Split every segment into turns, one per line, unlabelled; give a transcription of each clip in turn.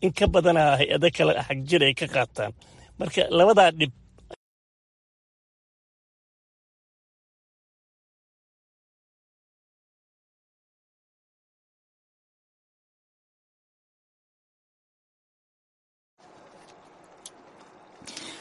in ka badana hay-ado kale xagjir ay ka qaataan marka labadaa dhib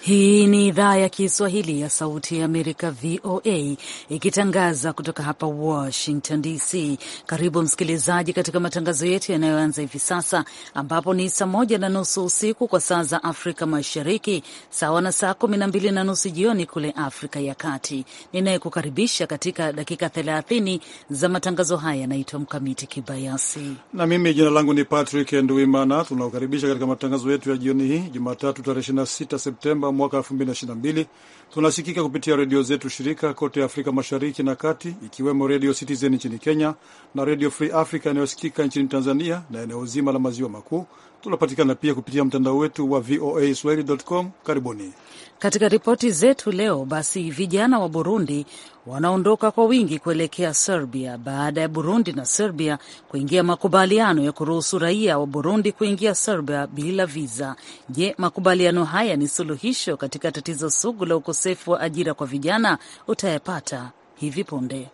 Hii ni idhaa ya Kiswahili ya Sauti ya Amerika, VOA, ikitangaza kutoka hapa Washington DC. Karibu msikilizaji, katika matangazo yetu yanayoanza hivi sasa, ambapo ni saa moja na nusu usiku kwa saa za Afrika Mashariki, sawa na saa kumi na mbili na nusu jioni kule Afrika ya Kati. Ninayekukaribisha katika dakika 30 za matangazo haya yanaitwa Mkamiti Kibayasi
na mimi jina langu ni Patrick Nduimana. Tunakukaribisha katika matangazo yetu ya jioni hii Jumatatu, tarehe 26 Septemba mwaka mbili Tunasikika kupitia redio zetu shirika kote Afrika Mashariki na Kati, ikiwemo Redio Citizen nchini Kenya na Redio Free Africa inayosikika nchini Tanzania na eneo zima la maziwa makuu. Tunapatikana pia kupitia mtandao wetu wa VOA swahili.com. Karibuni
katika ripoti zetu leo. Basi vijana wa Burundi wanaondoka kwa wingi kuelekea Serbia baada ya Burundi na Serbia kuingia makubaliano ya kuruhusu raia wa Burundi kuingia Serbia bila viza. Je, makubaliano haya ni suluhisho katika tatizo sugu la ukosefu wa ajira kwa vijana utayapata hivi punde.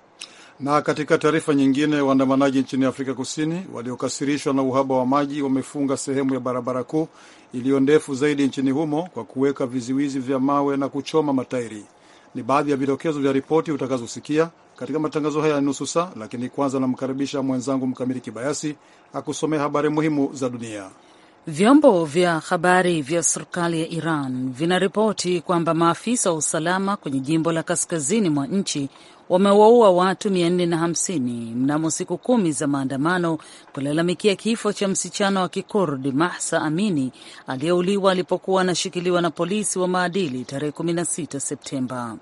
Na katika taarifa nyingine, waandamanaji nchini Afrika Kusini waliokasirishwa na uhaba wa maji wamefunga sehemu ya barabara kuu iliyo ndefu zaidi nchini humo kwa kuweka vizuizi vya mawe na kuchoma matairi. Ni baadhi ya vidokezo vya ripoti utakazosikia katika matangazo haya ya nusu saa, lakini kwanza namkaribisha mwenzangu Mkamili Kibayasi akusomea habari muhimu za dunia.
Vyombo vya habari vya serikali ya Iran vinaripoti kwamba maafisa wa usalama kwenye jimbo la kaskazini mwa nchi wamewaua watu 450 mnamo siku kumi za maandamano kulalamikia kifo cha msichana wa Kikurdi Mahsa Amini aliyeuliwa alipokuwa anashikiliwa na polisi wa maadili tarehe 16 Septemba.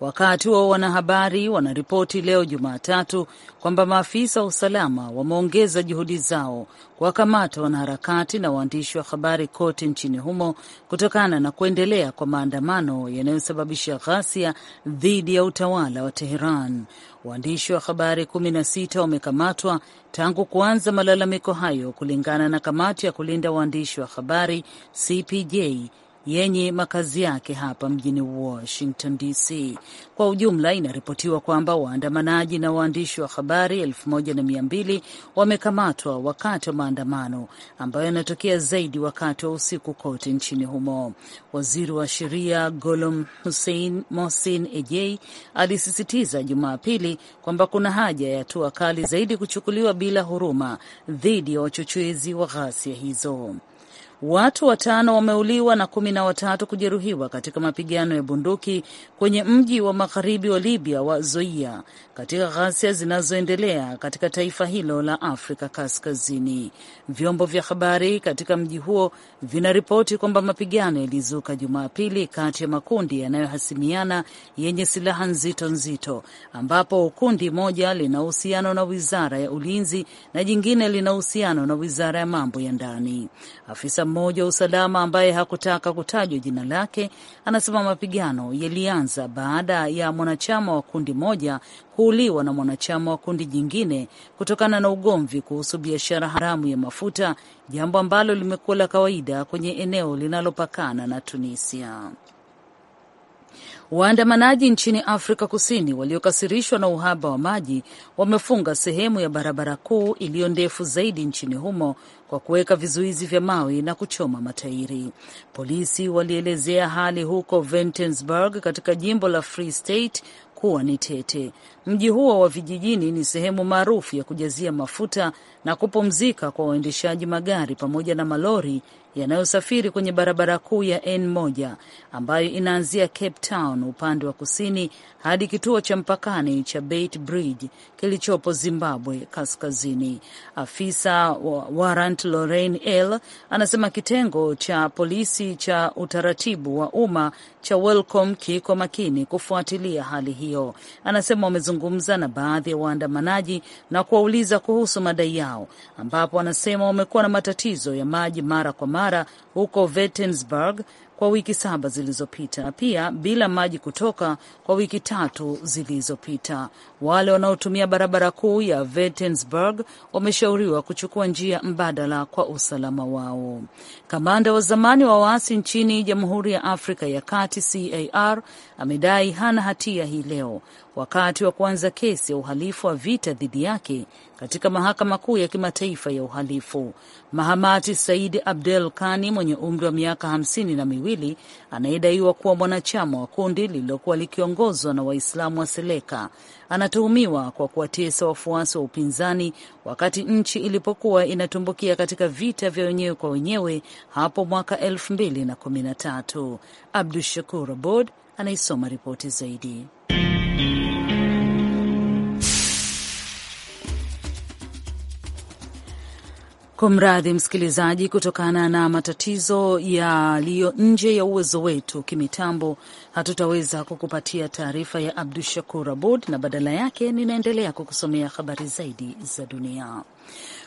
Wakati wa wanahabari wanaripoti leo Jumatatu kwamba maafisa wa usalama wameongeza juhudi zao kuwakamata wanaharakati na waandishi wa habari kote nchini humo kutokana na kuendelea kwa maandamano yanayosababisha ghasia dhidi ya utawala wa Teherani. Iran. Waandishi wa habari 16 wamekamatwa tangu kuanza malalamiko hayo, kulingana na kamati ya kulinda waandishi wa habari CPJ yenye makazi yake hapa mjini Washington DC. Kwa ujumla, inaripotiwa kwamba waandamanaji na waandishi wa habari elfu moja na mia mbili wamekamatwa wakati wa maandamano ambayo yanatokea zaidi wakati wa usiku kote nchini humo. Waziri wa sheria Golom Hussein Mohsin Ejei alisisitiza Jumapili kwamba kuna haja ya hatua kali zaidi kuchukuliwa bila huruma dhidi ya wachochezi wa ghasia hizo. Watu watano wameuliwa na kumi na watatu kujeruhiwa katika mapigano ya bunduki kwenye mji wa magharibi wa Libya wa Zoia katika ghasia zinazoendelea katika taifa hilo la Afrika Kaskazini. Vyombo vya habari katika mji huo vinaripoti kwamba mapigano yalizuka Jumapili kati ya makundi yanayohasimiana yenye silaha nzito nzito, ambapo kundi moja lina uhusiano na wizara ya ulinzi na jingine lina uhusiano na wizara ya mambo ya ndani. Afisa mmoja wa usalama ambaye hakutaka kutajwa jina lake anasema mapigano yalianza baada ya mwanachama wa kundi moja kuuliwa na mwanachama wa kundi jingine kutokana na ugomvi kuhusu biashara haramu ya mafuta, jambo ambalo limekuwa la kawaida kwenye eneo linalopakana na Tunisia. Waandamanaji nchini Afrika Kusini waliokasirishwa na uhaba wa maji wamefunga sehemu ya barabara kuu iliyo ndefu zaidi nchini humo kwa kuweka vizuizi vya mawe na kuchoma matairi. Polisi walielezea hali huko Ventersburg katika jimbo la Free State kuwa ni tete. Mji huo wa vijijini ni sehemu maarufu ya kujazia mafuta na kupumzika kwa waendeshaji magari pamoja na malori yanayosafiri kwenye barabara kuu ya N1 ambayo inaanzia Cape Town upande wa kusini hadi kituo cha mpakani cha Beit Bridge kilichopo Zimbabwe kaskazini. Afisa wa Warrant Lorraine L anasema kitengo cha polisi cha utaratibu wa umma cha Welcome kiko makini kufuatilia hali hiyo. Anasema wamezungumza na baadhi ya waandamanaji na kuwauliza kuhusu madai yao, ambapo anasema wamekuwa na matatizo ya maji mara kwa mara barabara huko Wettensburg kwa wiki saba zilizopita na pia bila maji kutoka kwa wiki tatu zilizopita. Wale wanaotumia barabara kuu ya Vetensburg wameshauriwa kuchukua njia mbadala kwa usalama wao. Kamanda wa zamani wa waasi nchini Jamhuri ya Afrika ya Kati CAR amedai hana hatia hii leo wakati wa kuanza kesi ya uhalifu wa vita dhidi yake katika mahakama kuu ya kimataifa ya uhalifu. Mahamati Said Abdel Kani mwenye umri wa miaka hamsini na miwili anayedaiwa kuwa mwanachama wa kundi lililokuwa likiongozwa na Waislamu wa Seleka anatuhumiwa kwa kuwatesa wafuasi wa upinzani wakati nchi ilipokuwa inatumbukia katika vita vya wenyewe kwa wenyewe hapo mwaka elfu mbili na kumi na tatu. Abdu Shakur Abod anaisoma ripoti zaidi. Kumradhi msikilizaji, kutokana na matatizo yaliyo nje ya uwezo wetu kimitambo, hatutaweza kukupatia taarifa ya Abdu Shakur Abud, na badala yake ninaendelea kukusomea habari zaidi za dunia.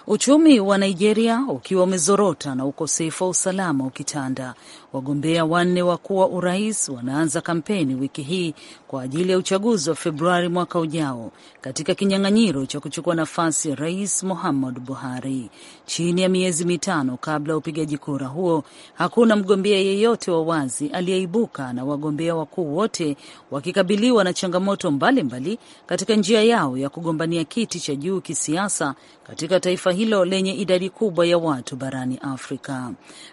Uchumi wa Nigeria ukiwa umezorota na ukosefu wa usalama ukitanda, wagombea wanne wakuu wa urais wanaanza kampeni wiki hii kwa ajili ya uchaguzi wa Februari mwaka ujao katika kinyang'anyiro cha kuchukua nafasi ya Rais Muhammadu Buhari. Chini ya miezi mitano kabla ya upigaji kura huo, hakuna mgombea yeyote wa wazi aliyeibuka, na wagombea wakuu wote wakikabiliwa na changamoto mbalimbali mbali katika njia yao ya kugombania kiti cha juu kisiasa katika katika taifa hilo lenye idadi kubwa ya watu barani Afrika.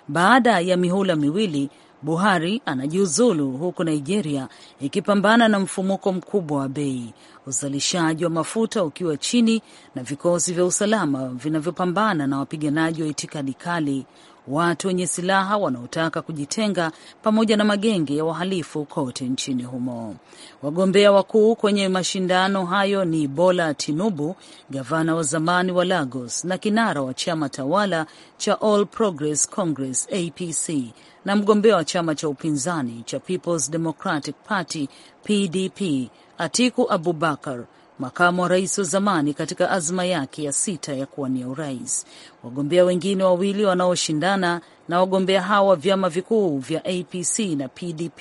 Baada ya mihula miwili, Buhari anajiuzulu huku Nigeria ikipambana na mfumuko mkubwa wa bei, uzalishaji wa mafuta ukiwa chini na vikosi vya usalama vinavyopambana na wapiganaji wa itikadi kali watu wenye silaha wanaotaka kujitenga pamoja na magenge ya wahalifu kote nchini humo. Wagombea wakuu kwenye mashindano hayo ni Bola Tinubu, gavana wa zamani wa Lagos na kinara wa chama tawala cha All Progress Congress APC, na mgombea wa chama cha upinzani cha Peoples Democratic Party PDP Atiku Abubakar makamu wa rais wa zamani katika azma yake ya sita ya kuwania urais. Wagombea wengine wawili wanaoshindana na wagombea hawa wa vyama vikuu vya APC na PDP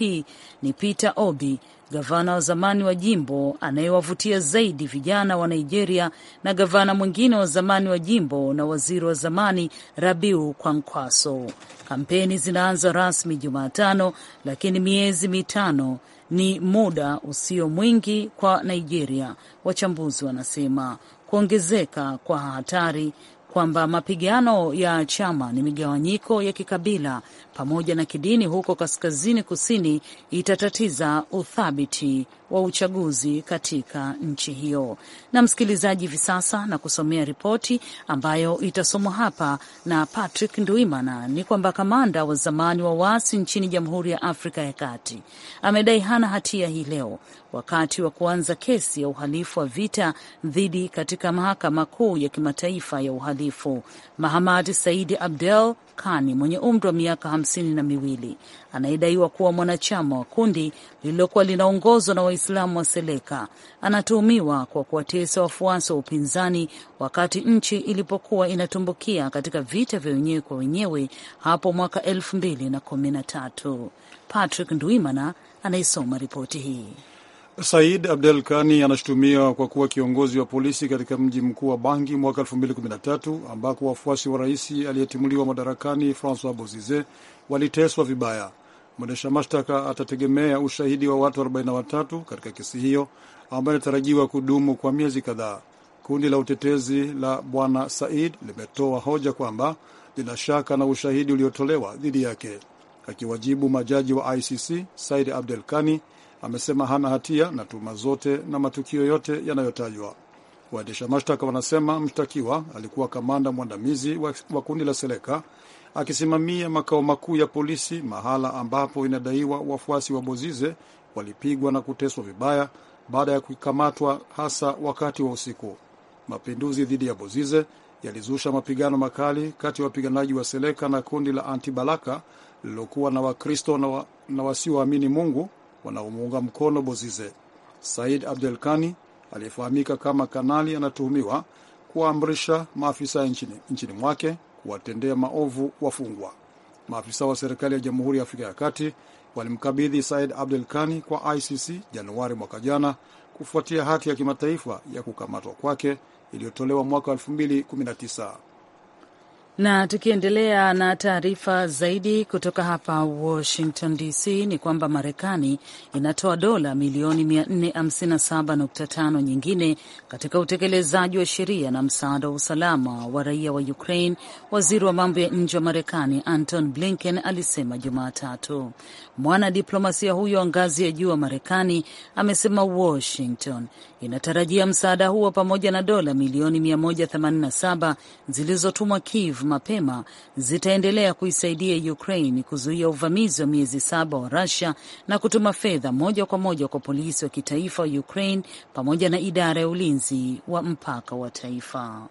ni Peter Obi gavana wa zamani wa jimbo anayewavutia zaidi vijana wa Nigeria na gavana mwingine wa zamani wa jimbo na waziri wa zamani Rabiu Kwankwaso. Kampeni zinaanza rasmi Jumatano, lakini miezi mitano ni muda usio mwingi kwa Nigeria, wachambuzi wanasema. Kuongezeka kwa hatari kwamba mapigano ya chama ni migawanyiko ya kikabila pamoja na kidini huko kaskazini kusini itatatiza uthabiti wa uchaguzi katika nchi hiyo. Na msikilizaji, hivi sasa na kusomea ripoti ambayo itasomwa hapa na Patrick nduimana ni kwamba kamanda wa zamani wa waasi nchini Jamhuri ya Afrika ya Kati amedai hana hatia hii leo wakati wa kuanza kesi ya uhalifu wa vita dhidi katika mahakama kuu ya kimataifa ya uhalifu. Mahamad Saidi Abdel Kani mwenye umri wa miaka hamsini na miwili anayedaiwa kuwa mwanachama wa kundi lililokuwa linaongozwa na Waislamu wa Seleka anatuhumiwa kwa kuwatesa wafuasi wa upinzani wakati nchi ilipokuwa inatumbukia katika vita vya wenyewe kwa wenyewe hapo mwaka elfu mbili na kumi na tatu. Patrick Ndwimana anaisoma ripoti hii.
Said Abdel Kani anashutumiwa kwa kuwa kiongozi wa polisi katika mji mkuu wa Bangi mwaka 2013 ambako wafuasi wa rais aliyetimuliwa madarakani Francois Bozize waliteswa vibaya. Mwendesha mashtaka atategemea ushahidi wa watu 43 katika kesi hiyo ambayo inatarajiwa kudumu kwa miezi kadhaa. Kundi la utetezi la bwana Said limetoa hoja kwamba lina shaka na ushahidi uliotolewa dhidi yake. Akiwajibu majaji wa ICC, Said Abdel Kani amesema hana hatia na tuhuma zote na matukio yote yanayotajwa. Waendesha mashtaka wanasema mshtakiwa alikuwa kamanda mwandamizi wa kundi la Seleka akisimamia makao makuu ya polisi, mahala ambapo inadaiwa wafuasi wa Bozize walipigwa na kuteswa vibaya baada ya kukamatwa, hasa wakati wa usiku. Mapinduzi dhidi ya Bozize yalizusha mapigano makali kati ya wapiganaji wa Seleka na kundi la Antibalaka lililokuwa na Wakristo na, wa, na wasioamini Mungu wanaomuunga mkono Bozize. Said Abdel Kani aliyefahamika kama Kanali anatuhumiwa kuwaamrisha maafisa nchini, nchini mwake kuwatendea maovu wafungwa. Maafisa wa serikali ya Jamhuri ya Afrika ya Kati walimkabidhi Said Abdel Kani kwa ICC Januari mwaka jana kufuatia hati ya kimataifa ya kukamatwa kwake iliyotolewa mwaka 2019.
Na tukiendelea na taarifa zaidi kutoka hapa Washington DC ni kwamba Marekani inatoa dola milioni 457.5 nyingine katika utekelezaji wa sheria na msaada wa usalama wa raia wa Ukraine, waziri wa mambo ya nje wa Marekani Anton Blinken alisema Jumatatu. Mwanadiplomasia huyo wa ngazi ya juu wa Marekani amesema Washington inatarajia msaada huo pamoja na dola milioni 187 zilizotumwa Kiev mapema zitaendelea kuisaidia Ukraine kuzuia uvamizi wa miezi saba wa Russia na kutuma fedha moja kwa moja kwa polisi wa kitaifa wa Ukraine pamoja na idara ya ulinzi wa mpaka wa taifa.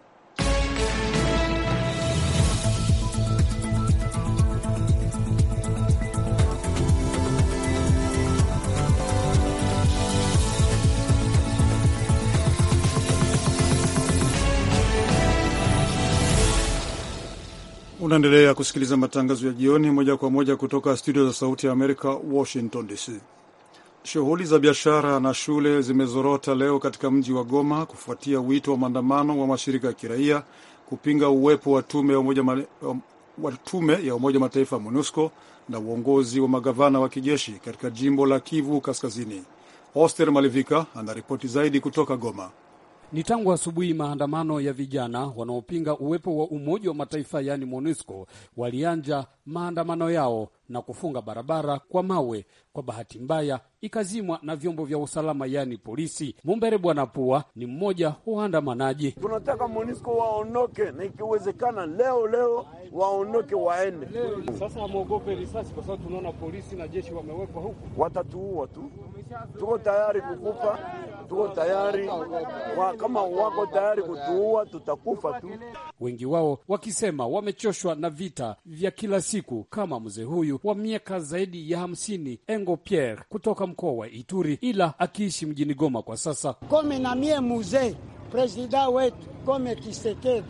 Unaendelea kusikiliza matangazo ya jioni moja kwa moja kutoka studio za Sauti ya Amerika, Washington DC. Shughuli za biashara na shule zimezorota leo katika mji wa Goma kufuatia wito wa maandamano wa mashirika ya kiraia kupinga uwepo wa tume ya Umoja Mataifa MONUSCO na uongozi wa magavana wa kijeshi katika jimbo la Kivu Kaskazini. Oster Malivika anaripoti zaidi kutoka Goma.
Ni tangu asubuhi maandamano ya vijana wanaopinga uwepo wa Umoja wa Mataifa yaani MONUSCO walianja maandamano yao na kufunga barabara kwa mawe, kwa bahati mbaya ikazimwa na vyombo vya usalama, yaani polisi. Mumbere Bwana Pua ni mmoja wa waandamanaji.
Tunataka MONUSCO waondoke na ikiwezekana leo leo waondoke waende.
Sasa hamwogope risasi, kwa sababu tunaona polisi na jeshi wamewekwa huku,
watatuua tu. Tuko tayari kukufa, tuko tayari wa, kama wako tayari kutuua tutakufa tu.
Wengi wao wakisema wamechoshwa na vita vya kila siku kama mzee huyu huyu wa miaka zaidi ya hamsini Engo Pierre kutoka mkoa wa Ituri, ila akiishi mjini Goma kwa sasa. Kome na mie muzee presida wetu Kome Kisekedi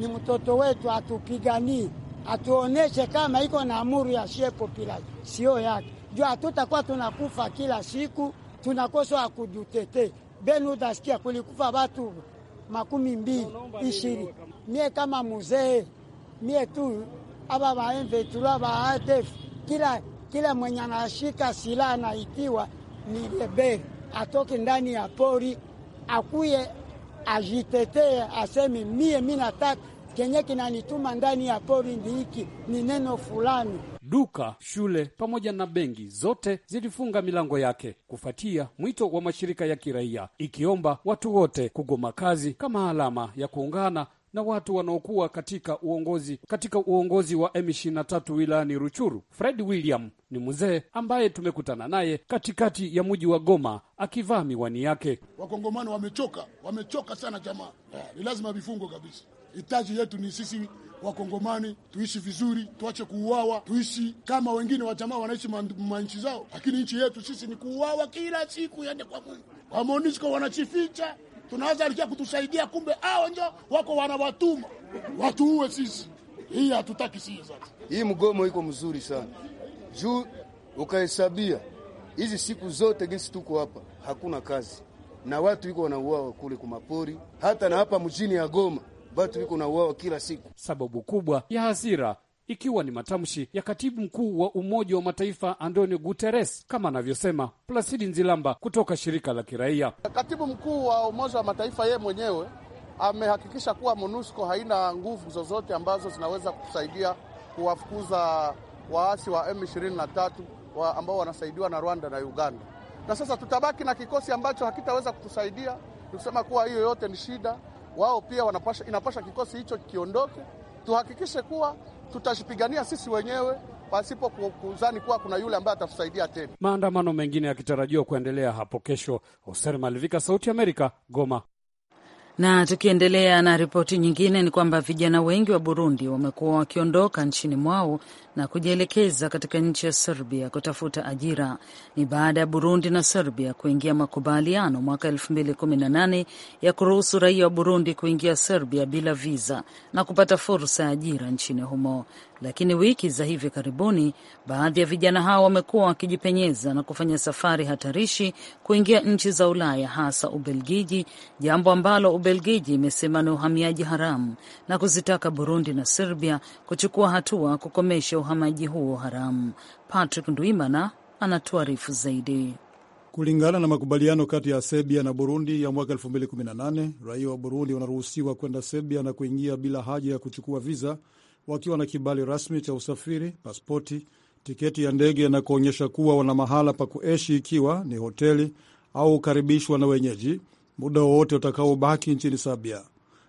ni mtoto wetu, atupigani atuoneshe kama iko na amuru ya shie population sio yake juu, hatutakuwa tunakufa kila siku tunakosa akudutete benu. kulikufa batu makumi mbili ishiri. Mie kama muzee mie tu aba baemvetula ba ADF, kila kila mwenye anashika silaha anaitiwa ni rebeli, atoke ndani ya pori akuye ajitetee, aseme mie nataka kenye kinanituma ndani ya pori ndi hiki ni neno fulani. Duka, shule pamoja na benki zote zilifunga milango yake kufuatia mwito wa mashirika ya kiraia, ikiomba watu wote kugoma kazi kama alama ya kuungana na watu wanaokuwa katika uongozi katika uongozi wa M23 wilayani Ruchuru. Fred William ni mzee ambaye tumekutana naye katikati ya mji wa Goma akivaa miwani yake.
Wakongomani wamechoka, wamechoka sana jamaa, ah, ni lazima vifungo kabisa. Hitaji yetu ni sisi Wakongomani tuishi vizuri, tuache kuuawa, tuishi kama wengine wa jamaa wanaishi manchi zao, lakini nchi yetu sisi ni kuuawa kila siku, yaani kwa Mungu. Wamonisko wanachificha tunaweza alikia kutusaidia, kumbe hao njo wako wanawatuma watuue sisi. Hii hatutaki sisi. Sasa hii mgomo
iko mzuri sana juu ukahesabia hizi siku zote gesi tuko hapa, hakuna kazi na watu iko wanauawa kule kumapori, hata na hapa mjini ya Goma watu iko wanauawa kila siku. Sababu kubwa ya hasira ikiwa ni matamshi ya katibu mkuu wa Umoja wa Mataifa Antonio Guterres, kama anavyosema Plasidi Nzilamba kutoka shirika la kiraia.
Katibu mkuu wa Umoja wa Mataifa yeye mwenyewe amehakikisha
kuwa MONUSCO haina nguvu zozote ambazo zinaweza kutusaidia kuwafukuza waasi wa M23 wa ambao wanasaidiwa na Rwanda na Uganda. Na sasa tutabaki na kikosi ambacho hakitaweza kutusaidia. Tukusema kuwa hiyo yote ni shida, wao pia wanapasha, inapasha kikosi hicho kiondoke. Tuhakikishe kuwa tutashipigania sisi wenyewe
pasipo kuzani kuwa kuna yule ambaye atatusaidia tena.
Maandamano mengine yakitarajiwa kuendelea
hapo kesho. Hoser Malivika, Sauti Amerika, Goma. Na tukiendelea na ripoti nyingine ni kwamba vijana wengi wa Burundi wamekuwa wakiondoka nchini mwao na kujielekeza katika nchi ya Serbia kutafuta ajira. Ni baada ya Burundi na Serbia kuingia makubaliano mwaka 2018 ya kuruhusu raia wa Burundi kuingia Serbia bila viza na kupata fursa ya ajira nchini humo lakini wiki za hivi karibuni baadhi ya vijana hao wamekuwa wakijipenyeza na kufanya safari hatarishi kuingia nchi za Ulaya, hasa Ubelgiji, jambo ambalo Ubelgiji imesema ni uhamiaji haramu na kuzitaka Burundi na Serbia kuchukua hatua kukomesha uhamaji huo haramu. Patrick Ndwimana anatuarifu zaidi. Kulingana
na makubaliano kati ya Serbia na Burundi ya mwaka 2018, raia wa Burundi wanaruhusiwa kwenda Serbia na kuingia bila haja ya kuchukua viza wakiwa na kibali rasmi cha usafiri, paspoti tiketi ya ndege na kuonyesha kuwa wana mahala pa kuishi, ikiwa ni hoteli au karibishwa na wenyeji, muda wowote watakaobaki nchini Serbia.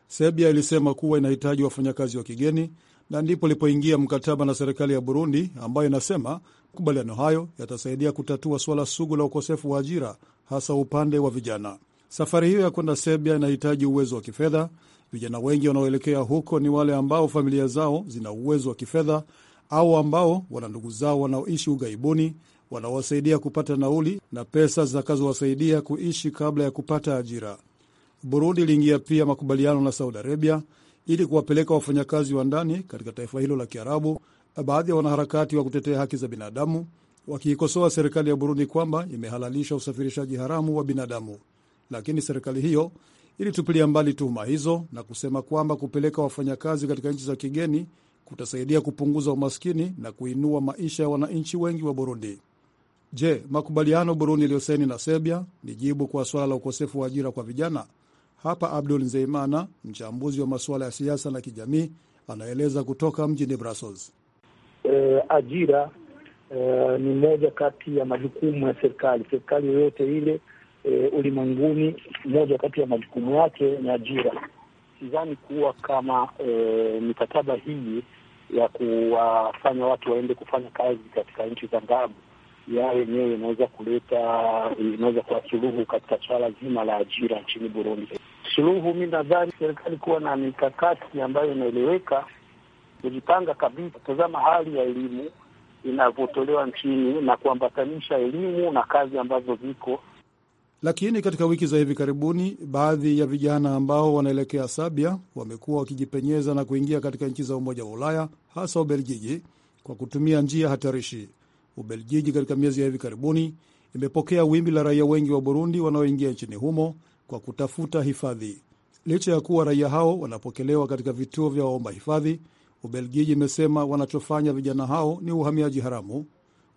Serbia ilisema kuwa inahitaji wafanyakazi wa kigeni na ndipo ilipoingia mkataba na serikali ya Burundi ambayo inasema makubaliano hayo yatasaidia kutatua suala sugu la ukosefu wa ajira hasa upande wa vijana. Safari hiyo ya kwenda Serbia inahitaji uwezo wa kifedha Vijana wengi wanaoelekea huko ni wale ambao familia zao zina uwezo wa kifedha au ambao wana ndugu zao wanaoishi ughaibuni wanaowasaidia kupata nauli na pesa zitakazowasaidia kuishi kabla ya kupata ajira. Burundi iliingia pia makubaliano na Saudi Arabia ili kuwapeleka wafanyakazi wa ndani katika taifa hilo la Kiarabu, baadhi ya wanaharakati wa kutetea haki za binadamu wakiikosoa serikali ya Burundi kwamba imehalalisha usafirishaji haramu wa binadamu, lakini serikali hiyo ilitupilia mbali tuhuma hizo na kusema kwamba kupeleka wafanyakazi katika nchi za kigeni kutasaidia kupunguza umaskini na kuinua maisha ya wananchi wengi wa Burundi. Je, makubaliano Burundi iliyosaini na Serbia ni jibu kwa suala la ukosefu wa ajira kwa vijana? Hapa Abdul Nzeimana, mchambuzi wa masuala ya siasa na kijamii, anaeleza kutoka mjini Brussels.
E, ajira e, ni moja kati ya majukumu ya serikali. Serikali yoyote ile e, ulimwenguni, moja kati ya majukumu yake ni ajira. Sidhani kuwa kama e, mikataba hii ya kuwafanya watu waende kufanya kazi katika nchi za ng'ambo ya yenyewe inaweza kuleta inaweza kuwa suluhu katika swala zima la ajira nchini Burundi. Suluhu, mi nadhani serikali kuwa na mikakati ambayo inaeleweka, kujipanga kabisa, tazama hali ya elimu inavyotolewa nchini na kuambatanisha elimu na kazi ambazo ziko
lakini katika wiki za hivi karibuni, baadhi ya vijana ambao wanaelekea Sabia wamekuwa wakijipenyeza na kuingia katika nchi za Umoja wa Ulaya, hasa Ubelgiji, kwa kutumia njia hatarishi. Ubelgiji katika miezi ya hivi karibuni imepokea wimbi la raia wengi wa Burundi wanaoingia nchini humo kwa kutafuta hifadhi. Licha ya kuwa raia hao wanapokelewa katika vituo vya waomba hifadhi, Ubelgiji imesema wanachofanya vijana hao ni uhamiaji haramu.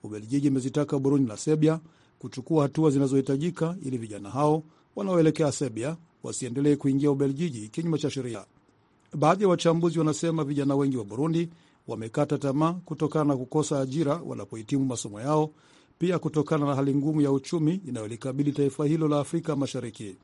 Ubelgiji imezitaka Burundi na Serbia kuchukua hatua zinazohitajika ili vijana hao wanaoelekea Serbia wasiendelee kuingia Ubelgiji kinyume cha sheria. Baadhi ya wachambuzi wanasema vijana wengi wa Burundi wamekata tamaa kutokana na kukosa ajira wanapohitimu masomo yao, pia kutokana na hali ngumu ya uchumi inayolikabili taifa hilo la Afrika Mashariki.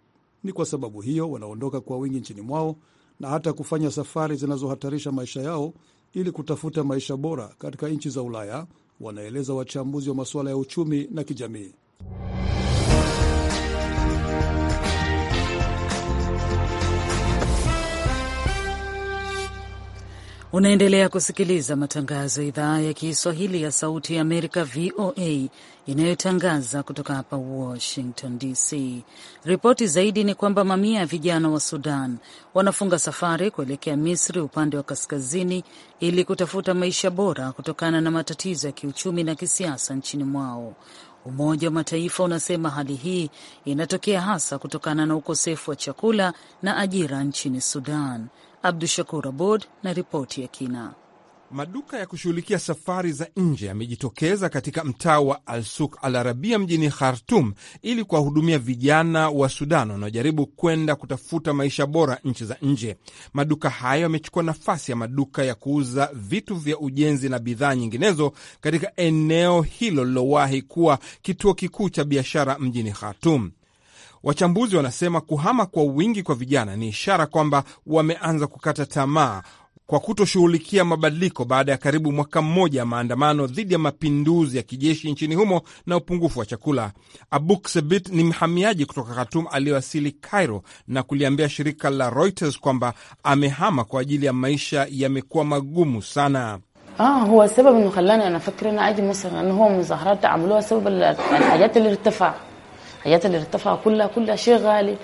Ni kwa sababu hiyo wanaondoka kwa wingi nchini mwao na hata kufanya safari zinazohatarisha maisha yao ili kutafuta maisha bora katika nchi za Ulaya, wanaeleza wachambuzi wa masuala ya uchumi na kijamii.
Unaendelea kusikiliza matangazo ya idhaa ya Kiswahili ya Sauti ya Amerika, VOA, inayotangaza kutoka hapa Washington DC. Ripoti zaidi ni kwamba mamia ya vijana wa Sudan wanafunga safari kuelekea Misri upande wa kaskazini ili kutafuta maisha bora kutokana na matatizo ya kiuchumi na kisiasa nchini mwao. Umoja wa Mataifa unasema hali hii inatokea hasa kutokana na ukosefu wa chakula na ajira nchini Sudan. Abdu Shakur Abod na ripoti ya kina. Maduka ya kushughulikia safari
za nje yamejitokeza katika mtaa wa alsuk Al Arabia mjini Khartum ili kuwahudumia vijana wa Sudan wanaojaribu kwenda kutafuta maisha bora nchi za nje. Maduka hayo yamechukua nafasi ya maduka ya kuuza vitu vya ujenzi na bidhaa nyinginezo katika eneo hilo lilowahi kuwa kituo kikuu cha biashara mjini Khartum. Wachambuzi wanasema kuhama kwa wingi kwa vijana ni ishara kwamba wameanza kukata tamaa kwa kutoshughulikia mabadiliko baada ya karibu mwaka mmoja maandamano dhidi ya mapinduzi ya kijeshi nchini humo na upungufu wa chakula. Abuk Sebit ni mhamiaji kutoka Khartoum aliyewasili Cairo na kuliambia shirika la Reuters kwamba amehama kwa ajili ya maisha yamekuwa magumu sana.
Ah, huwa sababu na aji na huwa sababu kula kula ghali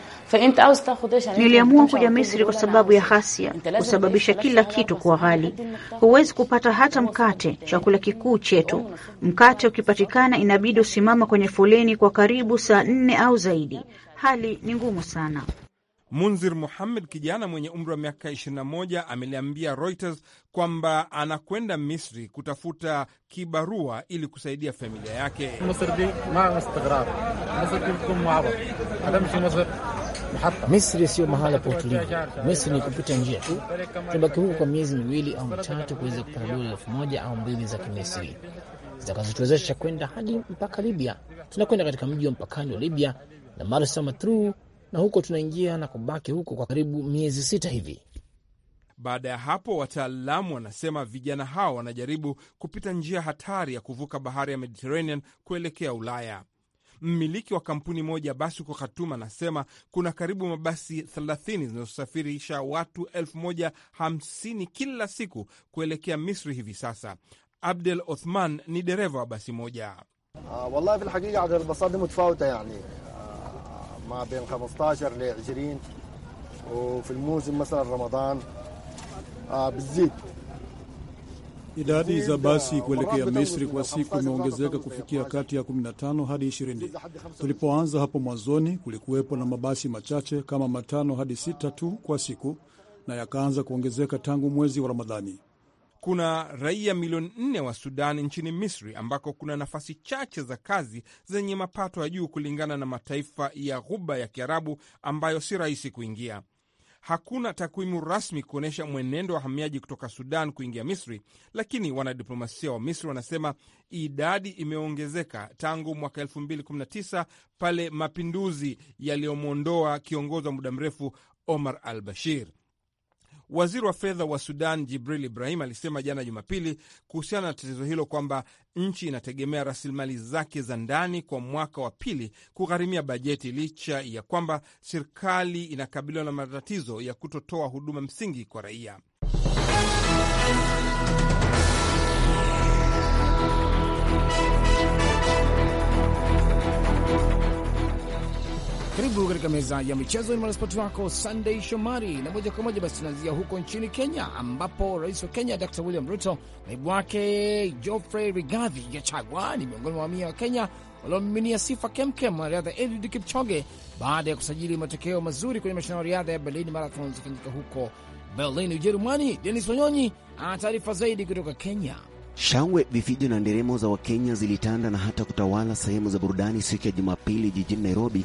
Niliamua kuja Misri kwa sababu ya ghasia kusababisha kila kitu kuwa ghali. Huwezi kupata hata mkate, chakula kikuu chetu. Mkate ukipatikana, inabidi usimama kwenye foleni kwa karibu saa nne au zaidi. Hali ni ngumu sana.
Munzir Muhammed, kijana mwenye umri wa miaka 21, ameliambia Reuters kwamba anakwenda Misri kutafuta kibarua ili kusaidia familia yake.
Misri siyo mahala pa utulivu. Misri ni kupita njia tu. Tunabaki huko kwa miezi miwili au mitatu kuweza kupata dola elfu moja au mbili za Kimisri zitakazotuwezesha kwenda hadi mpaka Libya. Tunakwenda katika mji wa mpakani wa Libya na Marsa Matru, na huko tunaingia na kubaki huko kwa karibu miezi sita hivi.
Baada ya hapo, wataalamu wanasema vijana hao wanajaribu kupita njia hatari ya kuvuka bahari ya Mediterranean kuelekea Ulaya. Mmiliki wa kampuni moja basi huko Khartoum anasema kuna karibu mabasi 30 zinazosafirisha watu elfu kila siku kuelekea Misri hivi sasa. Abdel Othman ni dereva wa basi moja.
Ah,
Idadi za basi kuelekea Misri kwa siku imeongezeka kufikia kati ya 15 hadi 20. Tulipoanza hapo mwanzoni, kulikuwepo na mabasi machache kama matano hadi sita tu kwa siku, na yakaanza kuongezeka tangu mwezi wa Ramadhani.
Kuna raia milioni nne wa Sudan nchini Misri, ambako kuna nafasi chache za kazi zenye mapato ya juu kulingana na mataifa ya Ghuba ya Kiarabu ambayo si rahisi kuingia. Hakuna takwimu rasmi kuonyesha mwenendo wa wahamiaji kutoka Sudan kuingia Misri, lakini wanadiplomasia wa Misri wanasema idadi imeongezeka tangu mwaka 2019 pale mapinduzi yaliyomwondoa kiongozi wa muda mrefu Omar al Bashir. Waziri wa fedha wa Sudan Jibril Ibrahim alisema jana Jumapili kuhusiana na tatizo hilo kwamba nchi inategemea rasilimali zake za ndani kwa mwaka wa pili kugharimia bajeti, licha ya kwamba serikali inakabiliwa na matatizo ya kutotoa huduma msingi kwa raia.
Karibu katika meza ya michezo, ni mwanaspoti wako Sunday Shomari, na moja kwa moja basi tunaanzia huko nchini Kenya, ambapo rais wa Kenya Dr William Ruto, naibu wake Geoffrey Rigathi Gachagua ni miongoni mwa mamia wa Kenya waliomiminia sifa kemkem mwanariadha Eliud Kipchoge baada ya kusajili matokeo mazuri kwenye mashindano ya riadha ya Berlin Marathon zifanyika huko Berlin, Ujerumani. Denis Wanyonyi ana taarifa zaidi kutoka Kenya.
Shangwe, vifijo na nderemo za Wakenya zilitanda na hata kutawala sehemu za burudani siku ya Jumapili jijini Nairobi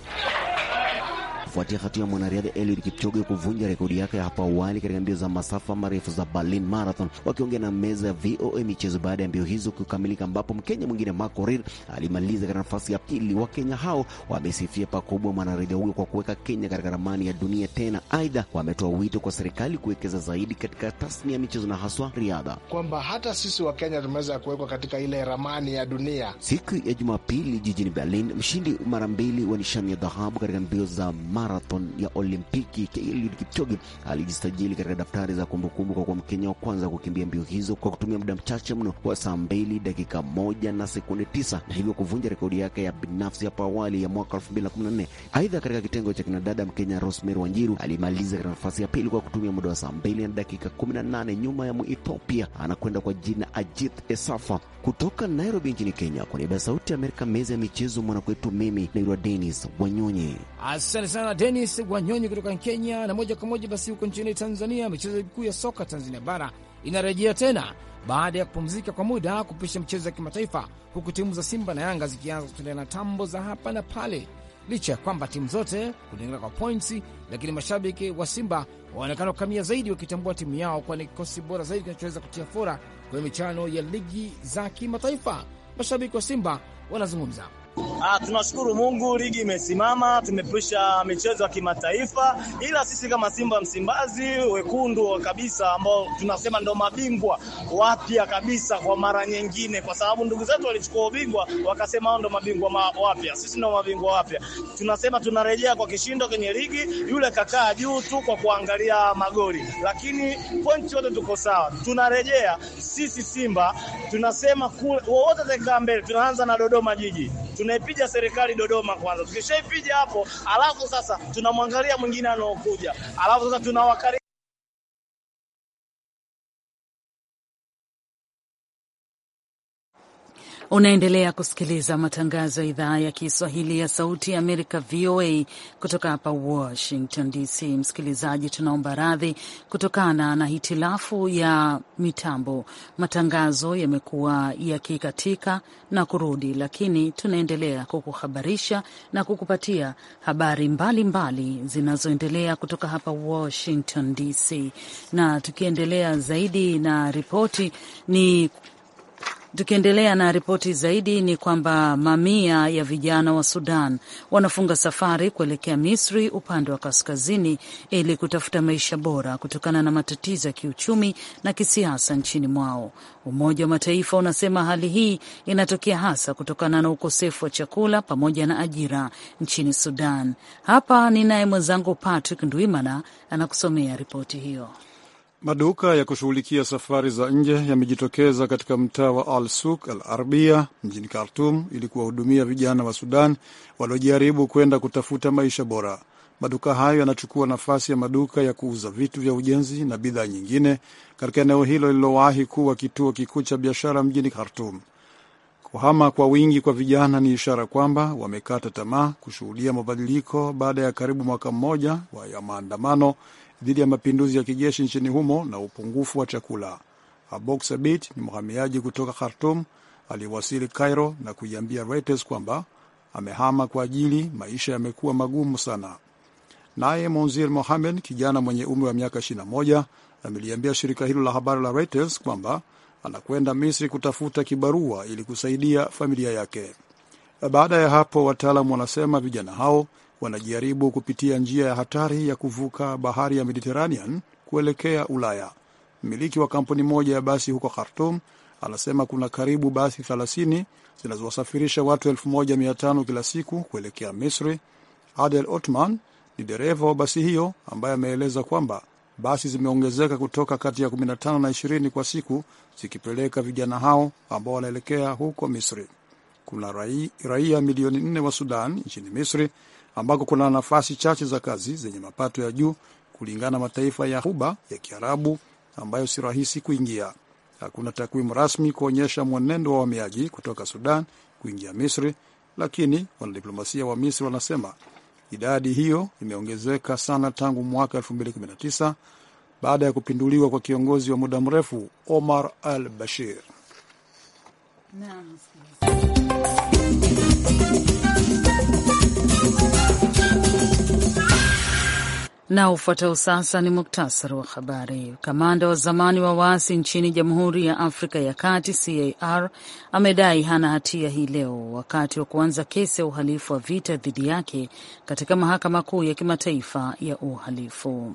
kufuatia hatua ya mwanariadha Eliud Kipchoge kuvunja rekodi yake ya hapo awali katika mbio za masafa marefu za Berlin Marathon. Wakiongea na meza ya VOA michezo baada ya mbio hizo kukamilika, ambapo Mkenya mwingine Marco alimaliza katika nafasi ya pili. Wakenya hao wamesifia pakubwa mwanariadha huyo kwa kuweka Kenya katika ramani ya dunia tena. Aidha, wametoa wito kwa serikali kuwekeza zaidi katika tasnia ya michezo na haswa riadha,
kwamba hata sisi Wakenya tumeweza kuwekwa katika ile ramani ya dunia.
Siku ya Jumapili jijini Berlin, mshindi mara mbili wa nishani ya dhahabu katika mbio za marathon ya Olimpiki Eliud Kipchoge alijisajili katika daftari za kumbukumbu kwa kuwa Mkenya wa kwanza kukimbia mbio hizo kwa kutumia muda mchache mno wa saa mbili dakika moja na sekunde tisa na hivyo kuvunja rekodi yake ya binafsi hapo awali ya mwaka 2014. Aidha, katika kitengo cha kinadada Mkenya Rosemary Wanjiru alimaliza katika nafasi ya pili kwa kutumia muda wa saa mbili na dakika 18 nyuma ya Muethiopia anakwenda kwa jina Ajith Esafa kutoka Nairobi nchini Kenya. Kwa niaba ya Sauti ya Amerika, meza ya michezo, mwanakwetu mimi naitwa Dennis Wanyonyi.
Asante sana Denis Wanyonyi kutoka Kenya. Na moja kwa moja basi huko nchini Tanzania, michezo kuu ya soka Tanzania bara inarejea tena baada ya kupumzika kwa muda kupisha michezo ya kimataifa, huku timu za Simba na Yanga zikianza kutendea na tambo za hapa na pale, licha ya kwamba timu zote kulingana kwa points, lakini mashabiki wa Simba waonekana kukamia zaidi, wakitambua timu yao kuwa ni kikosi bora zaidi kinachoweza kutia fora kwenye michano ya ligi za kimataifa. Mashabiki wa Simba wanazungumza Ah, tunashukuru Mungu, ligi imesimama, tumepisha michezo ya kimataifa, ila sisi kama Simba Msimbazi wekundu kabisa, ambao tunasema ndo mabingwa wapya kabisa kwa mara nyingine, kwa sababu ndugu zetu walichukua ubingwa wakasema ndo mabingwa wapya, sisi ndo mabingwa wapya. Tunasema tunarejea kwa kishindo kwenye ligi. Yule kakaa juu tu kwa kuangalia magoli, lakini pointi yote tuko sawa, tunarejea sisi Simba. Tunasema wote tutakaa mbele, tunaanza na Dodoma Jiji tunaipiga serikali Dodoma kwanza. Tukishaipiga hapo, alafu sasa tunamwangalia mwingine anaokuja, alafu sasa tunawakari
Unaendelea kusikiliza matangazo ya idhaa ya Kiswahili ya Sauti ya Amerika, VOA, kutoka hapa Washington DC. Msikilizaji, tunaomba radhi kutokana na hitilafu ya mitambo. Matangazo yamekuwa yakikatika na kurudi, lakini tunaendelea kukuhabarisha na kukupatia habari mbalimbali zinazoendelea kutoka hapa Washington DC, na tukiendelea zaidi na ripoti ni Tukiendelea na ripoti zaidi ni kwamba mamia ya vijana wa Sudan wanafunga safari kuelekea Misri upande wa kaskazini ili kutafuta maisha bora kutokana na matatizo ya kiuchumi na kisiasa nchini mwao. Umoja wa Mataifa unasema hali hii inatokea hasa kutokana na ukosefu wa chakula pamoja na ajira nchini Sudan. Hapa ninaye mwenzangu Patrick Ndwimana anakusomea ripoti hiyo.
Maduka ya kushughulikia safari za nje yamejitokeza katika mtaa wa Al Suk Al Arbia mjini Khartum ili kuwahudumia vijana wa Sudan waliojaribu kwenda kutafuta maisha bora. Maduka hayo yanachukua nafasi ya maduka ya kuuza vitu vya ujenzi na bidhaa nyingine katika eneo hilo lililowahi kuwa kituo kikuu cha biashara mjini Khartum. Kuhama kwa wingi kwa vijana ni ishara kwamba wamekata tamaa kushuhudia mabadiliko baada ya karibu mwaka mmoja ya maandamano dhidi ya mapinduzi ya kijeshi nchini humo na upungufu wa chakula. Abok Sabit ni mhamiaji kutoka Khartum aliyewasili Cairo na kuiambia Reuters kwamba amehama kwa ajili maisha yamekuwa magumu sana. Naye Monzir Mohamed, kijana mwenye umri wa miaka 21, ameliambia shirika hilo la habari la Reuters kwamba anakwenda Misri kutafuta kibarua ili kusaidia familia yake. Baada ya hapo, wataalam wanasema vijana hao wanajaribu kupitia njia ya hatari ya kuvuka bahari ya Mediterranean kuelekea Ulaya. Mmiliki wa kampuni moja ya basi huko Khartum anasema kuna karibu basi 30 zinazowasafirisha watu 1500 kila siku kuelekea Misri. Adel Otman ni dereva wa basi hiyo ambaye ameeleza kwamba basi zimeongezeka kutoka kati ya 15 na 20 kwa siku, zikipeleka vijana hao ambao wanaelekea huko Misri. Kuna raia milioni nne wa Sudan nchini Misri, ambako kuna nafasi chache za kazi zenye mapato ya juu, kulingana na mataifa ya huba ya Kiarabu ambayo si rahisi kuingia. Hakuna takwimu rasmi kuonyesha mwenendo wa wahamiaji kutoka Sudan kuingia Misri, lakini wanadiplomasia wa Misri wanasema Idadi hiyo imeongezeka sana tangu mwaka 2019 baada ya kupinduliwa kwa kiongozi wa muda mrefu Omar al Bashir. Naam.
Na ufuatao sasa ni muktasari wa habari. Kamanda wa zamani wa waasi nchini Jamhuri ya Afrika ya Kati CAR amedai hana hatia hii leo wakati wa kuanza kesi ya uhalifu wa vita dhidi yake katika Mahakama Kuu ya Kimataifa ya Uhalifu.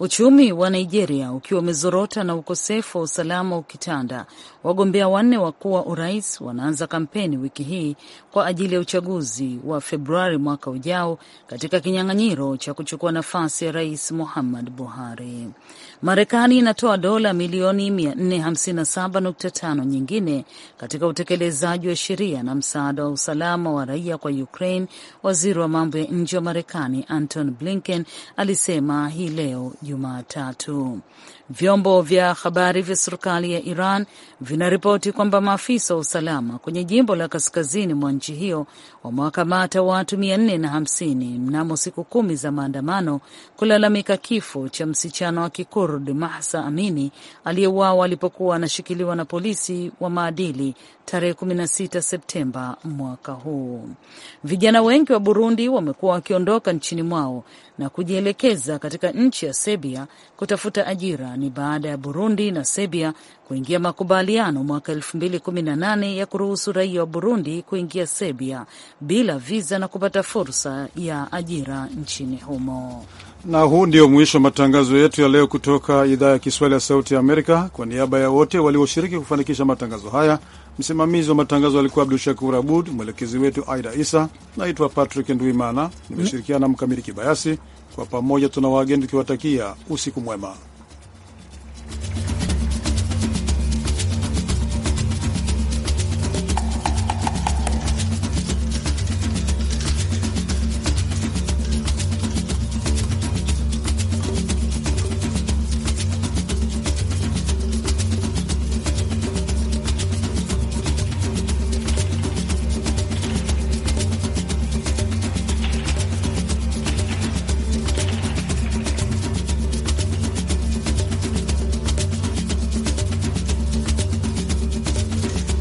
Uchumi wa Nigeria ukiwa umezorota na ukosefu wa usalama ukitanda, wagombea wanne wakuu wa urais wanaanza kampeni wiki hii kwa ajili ya uchaguzi wa Februari mwaka ujao katika kinyang'anyiro cha kuchukua nafasi ya Rais Muhammad Buhari. Marekani inatoa dola milioni 457.5 nyingine katika utekelezaji wa sheria na msaada wa usalama wa raia kwa Ukraine, waziri wa mambo ya nje wa Marekani Anton Blinken alisema hii leo Jumatatu. Vyombo vya habari vya serikali ya Iran vinaripoti kwamba maafisa wa usalama kwenye jimbo la kaskazini mwa nchi hiyo wamewakamata watu 450 mnamo siku kumi za maandamano kulalamika kifo cha msichana wa Kikurd Mahsa Amini aliyeuawa alipokuwa anashikiliwa na polisi wa maadili tarehe 16 Septemba mwaka huu. Vijana wengi wa Burundi wamekuwa wakiondoka nchini mwao na kujielekeza katika nchi ya Serbia kutafuta ajira. Ni baada ya Burundi na Serbia kuingia makubaliano mwaka 2018 ya kuruhusu raia wa Burundi kuingia Serbia bila viza na kupata fursa ya ajira nchini humo.
Na huu ndio mwisho wa matangazo yetu ya leo kutoka idhaa ya Kiswahili ya Sauti ya Amerika. Kwa niaba ya wote walioshiriki kufanikisha matangazo haya, msimamizi wa matangazo alikuwa Abdu Shakur Abud, mwelekezi wetu Aida Isa. Naitwa Patrick Ndwimana, nimeshirikiana na mkamiri Kibayasi. Kwa pamoja tuna wageni tukiwatakia usiku mwema.